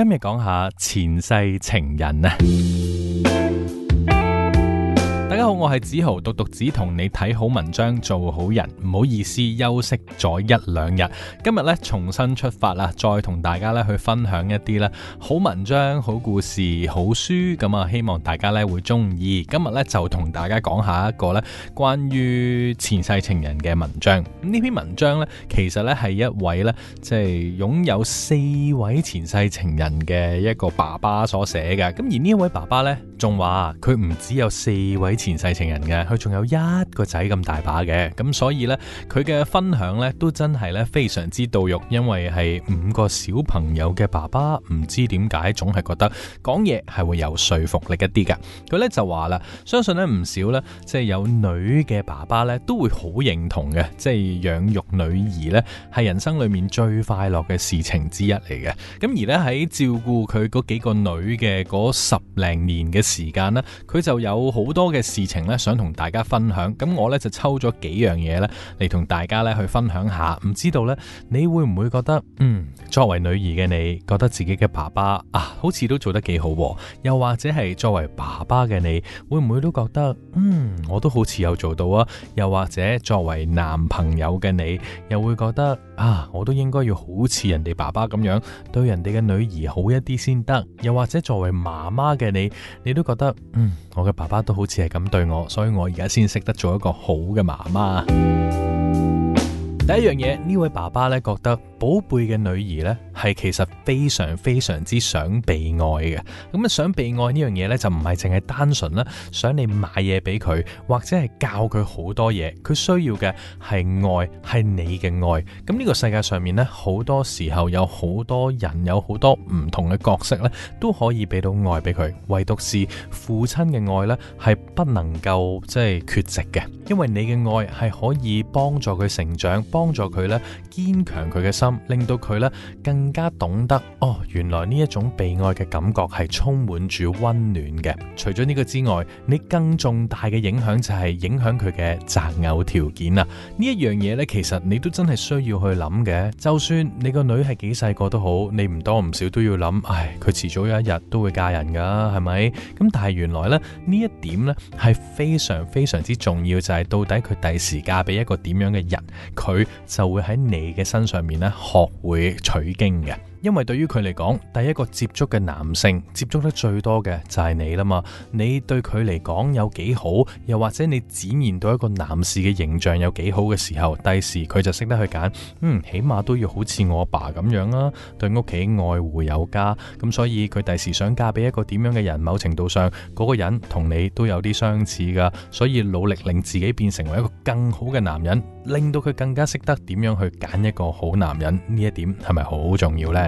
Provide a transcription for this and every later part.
今日講下前世情人啊。大家好，我係梓豪，獨讀子同你睇好文章，做好人。唔好意思，休息咗一兩日，今日咧重新出發啦，再同大家咧去分享一啲咧好文章、好故事、好書。咁啊，希望大家咧會中意。今日咧就同大家講下一個咧關於前世情人嘅文章。咁呢篇文章咧其實咧係一位咧即係擁有四位前世情人嘅一個爸爸所寫嘅。咁而呢一位爸爸咧仲話，佢唔只有四位前世情人嘅，佢仲有一個仔，咁大把嘅。咁所以咧，佢嘅分享咧都真係咧非常之到肉，因為係五個小朋友嘅爸爸，唔知點解總係覺得講嘢係會有說服力一啲嘅。佢咧就話啦，相信咧唔少咧即係有女嘅爸爸咧都會好認同嘅，即係養育女兒咧係人生裏面最快樂嘅事情之一嚟嘅。咁而咧喺照顧佢嗰幾個女嘅嗰十零年嘅時間咧，佢就有好多嘅。事情咧，想同大家分享，咁我咧就抽咗幾樣嘢咧嚟同大家咧去分享下，唔知道咧你會唔會覺得，嗯，作為女兒嘅你，覺得自己嘅爸爸啊，好似都做得幾好，又或者係作為爸爸嘅你，會唔會都覺得，嗯，我都好似有做到啊，又或者作為男朋友嘅你，又會覺得啊，我都應該要好似人哋爸爸咁樣，對人哋嘅女兒好一啲先得，又或者作為媽媽嘅你，你都覺得，嗯，我嘅爸爸都好似係咁。對我，所以我而家先識得做一個好嘅媽媽。第一樣嘢，呢位爸爸呢覺得，寶貝嘅女兒呢，係其實非常非常之想被愛嘅。咁啊，想被愛呢樣嘢呢，就唔係淨係單純啦，想你買嘢俾佢，或者係教佢好多嘢。佢需要嘅係愛，係你嘅愛。咁呢個世界上面呢，好多時候有好多人有好多唔同嘅角色呢，都可以俾到愛俾佢。唯獨是父親嘅愛呢，係不能夠即係缺席嘅，因為你嘅愛係可以幫助佢成長，幫助佢呢堅強佢嘅心。令到佢咧更加懂得哦，原來呢一種被愛嘅感覺係充滿住溫暖嘅。除咗呢個之外，你更重大嘅影響就係影響佢嘅擇偶條件啊！呢一樣嘢呢，其實你都真係需要去諗嘅。就算你個女係幾細個都好，你唔多唔少都要諗，唉，佢遲早有一日都會嫁人噶，係咪？咁但係原來咧呢一點呢，係非常非常之重要，就係、是、到底佢第時嫁俾一個點樣嘅人，佢就會喺你嘅身上面咧。學會取經嘅。因為對於佢嚟講，第一個接觸嘅男性，接觸得最多嘅就係你啦嘛。你對佢嚟講有幾好，又或者你展現到一個男士嘅形象有幾好嘅時候，第時佢就識得去揀，嗯，起碼都要好似我爸咁樣啦，啊，對屋企愛護有加。咁所以佢第時想嫁俾一個點樣嘅人，某程度上嗰，那個人同你都有啲相似噶。所以努力令自己變成為一個更好嘅男人，令到佢更加識得點樣去揀一個好男人，呢一點係咪好重要呢？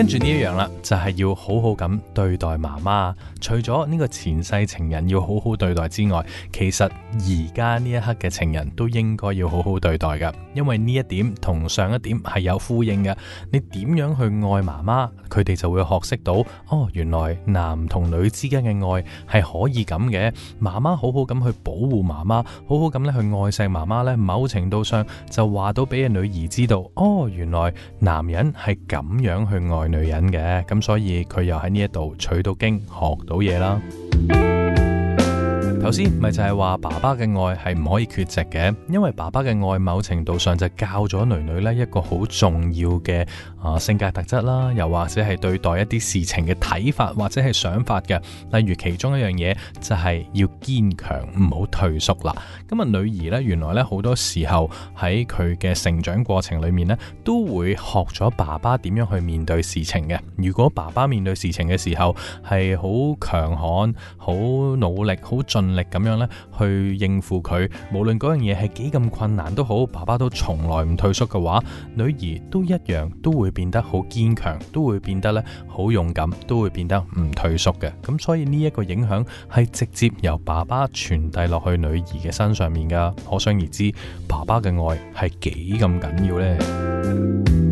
跟住呢一樣啦，就係要好好咁對待媽媽。除咗呢個前世情人要好好對待之外，其實而家呢一刻嘅情人都應該要好好對待噶。因為呢一點同上一點係有呼應嘅。你點樣去愛媽媽，佢哋就會學識到哦。原來男同女之間嘅愛係可以咁嘅。媽媽好好咁去保護媽媽，好好咁咧去愛錫媽媽咧。某程度上就話到俾你女兒知道，哦，原來男人係咁樣去愛。女人嘅，咁所以佢又喺呢一度取到經，學到嘢啦。首先咪就係話爸爸嘅愛係唔可以缺席嘅，因為爸爸嘅愛某程度上就教咗囡囡咧一個好重要嘅，啊、呃、性格特質啦，又或者係對待一啲事情嘅睇法或者係想法嘅。例如其中一樣嘢就係、是、要堅強，唔好退縮啦。噉啊女兒咧，原來咧好多時候喺佢嘅成長過程裏面咧，都會學咗爸爸點樣去面對事情嘅。如果爸爸面對事情嘅時候係好強悍、好努力、好盡。力咁樣咧去應付佢，無論嗰樣嘢係幾咁困難都好，爸爸都從來唔退縮嘅話，女兒都一樣都會變得好堅強，都會變得咧好勇敢，都會變得唔退縮嘅。咁所以呢一個影響係直接由爸爸傳遞落去女兒嘅身上面噶，可想而知，爸爸嘅愛係幾咁緊要呢？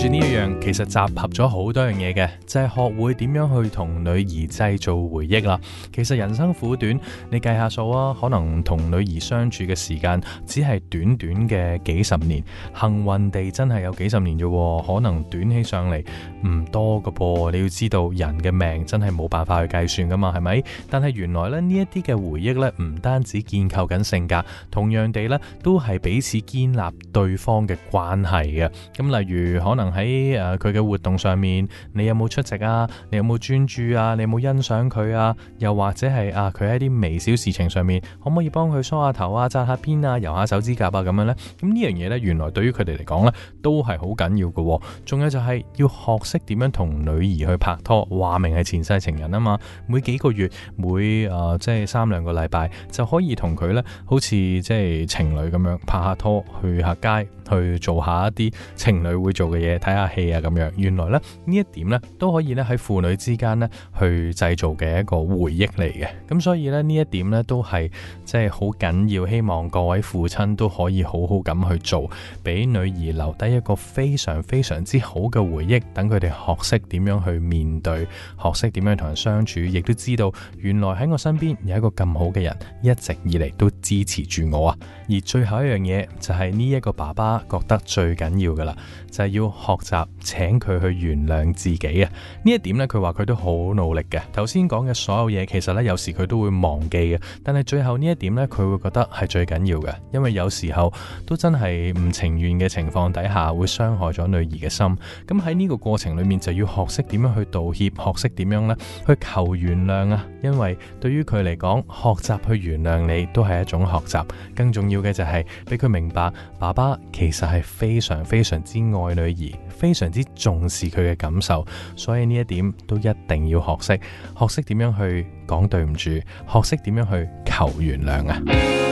住呢一樣，其實集合咗好多樣嘢嘅，就係學會點樣去同女兒製造回憶啦。其實人生苦短，你計下數啊，可能同女兒相處嘅時間只係短短嘅幾十年。幸運地真係有幾十年啫，可能短起上嚟唔多噶噃。你要知道人嘅命真係冇辦法去計算噶嘛，係咪？但係原來咧呢一啲嘅回憶咧，唔單止建構緊性格，同樣地咧都係彼此建立對方嘅關係嘅。咁例如可能。喺誒佢嘅活動上面，你有冇出席啊？你有冇專注啊？你有冇欣賞佢啊？又或者係啊，佢喺啲微小事情上面，可唔可以幫佢梳下頭啊、紮下辮啊、油下手指甲啊咁樣呢？咁、嗯、呢樣嘢呢，原來對於佢哋嚟講呢，都係好緊要嘅啊。仲有就係要學識點樣同女兒去拍拖，話明係前世情人啊嘛。每幾個月，每誒、呃、即係三兩個禮拜就可以同佢呢，好似即係情侶咁樣拍下拖，去下街。去做下一啲情侶會做嘅嘢，睇下戲啊咁樣。原來咧呢一點咧都可以咧喺父女之間咧去製造嘅一個回憶嚟嘅。咁所以咧呢一點咧都係即係好緊要。希望各位父親都可以好好咁去做，俾女兒留低一個非常非常之好嘅回憶，等佢哋學識點樣去面對，學識點樣同人相處，亦都知道原來喺我身邊有一個咁好嘅人，一直以嚟都支持住我啊。而最後一樣嘢就係呢一個爸爸。覺得最緊要嘅啦，就係要學習請佢去原諒自己啊！呢一點呢，佢話佢都好努力嘅。頭先講嘅所有嘢，其實呢，有時佢都會忘記嘅。但係最後呢一點呢，佢會覺得係最緊要嘅，因為有時候都真係唔情願嘅情況底下，會傷害咗女兒嘅心。咁喺呢個過程裏面，就要學識點樣去道歉，學識點樣呢？去求原諒啊！因為對於佢嚟講，學習去原諒你都係一種學習。更重要嘅就係俾佢明白，爸爸其實係非常非常之愛女兒，非常之重視佢嘅感受，所以呢一點都一定要學識，學識點樣去講對唔住，學識點樣去求原諒啊！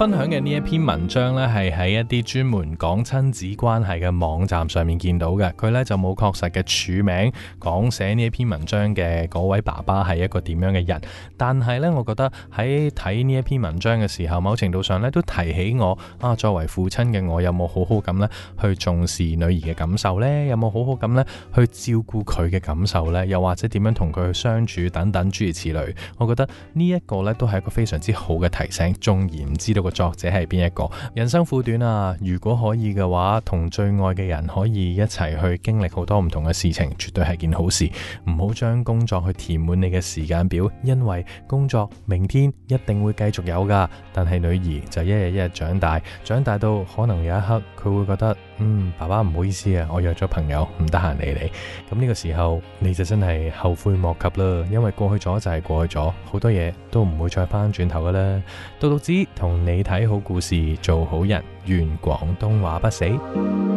分享嘅呢一篇文章咧，係喺一啲專門講親子關係嘅網站上面見到嘅。佢咧就冇確實嘅署名，講寫呢一篇文章嘅嗰位爸爸係一個點樣嘅人。但係咧，我覺得喺睇呢一篇文章嘅時候，某程度上咧都提起我啊，作為父親嘅我，有冇好好咁咧去重視女兒嘅感受咧？有冇好好咁咧去照顧佢嘅感受咧？又或者點樣同佢去相處等等諸如此類。我覺得呢一個咧都係一個非常之好嘅提醒。縱然唔知道。作者係邊一個？人生苦短啊！如果可以嘅話，同最愛嘅人可以一齊去經歷好多唔同嘅事情，絕對係件好事。唔好將工作去填滿你嘅時間表，因為工作明天一定會繼續有㗎。但係女兒就一日一日長大，長大到可能有一刻佢會覺得。.嗯，爸爸唔好意思啊，我約咗朋友唔得閒理你。咁呢個時候你就真係後悔莫及啦，因為過去咗就係過去咗，好多嘢都唔會再翻轉頭噶啦。獨讀子，同你睇好故事，做好人，願廣東話不死。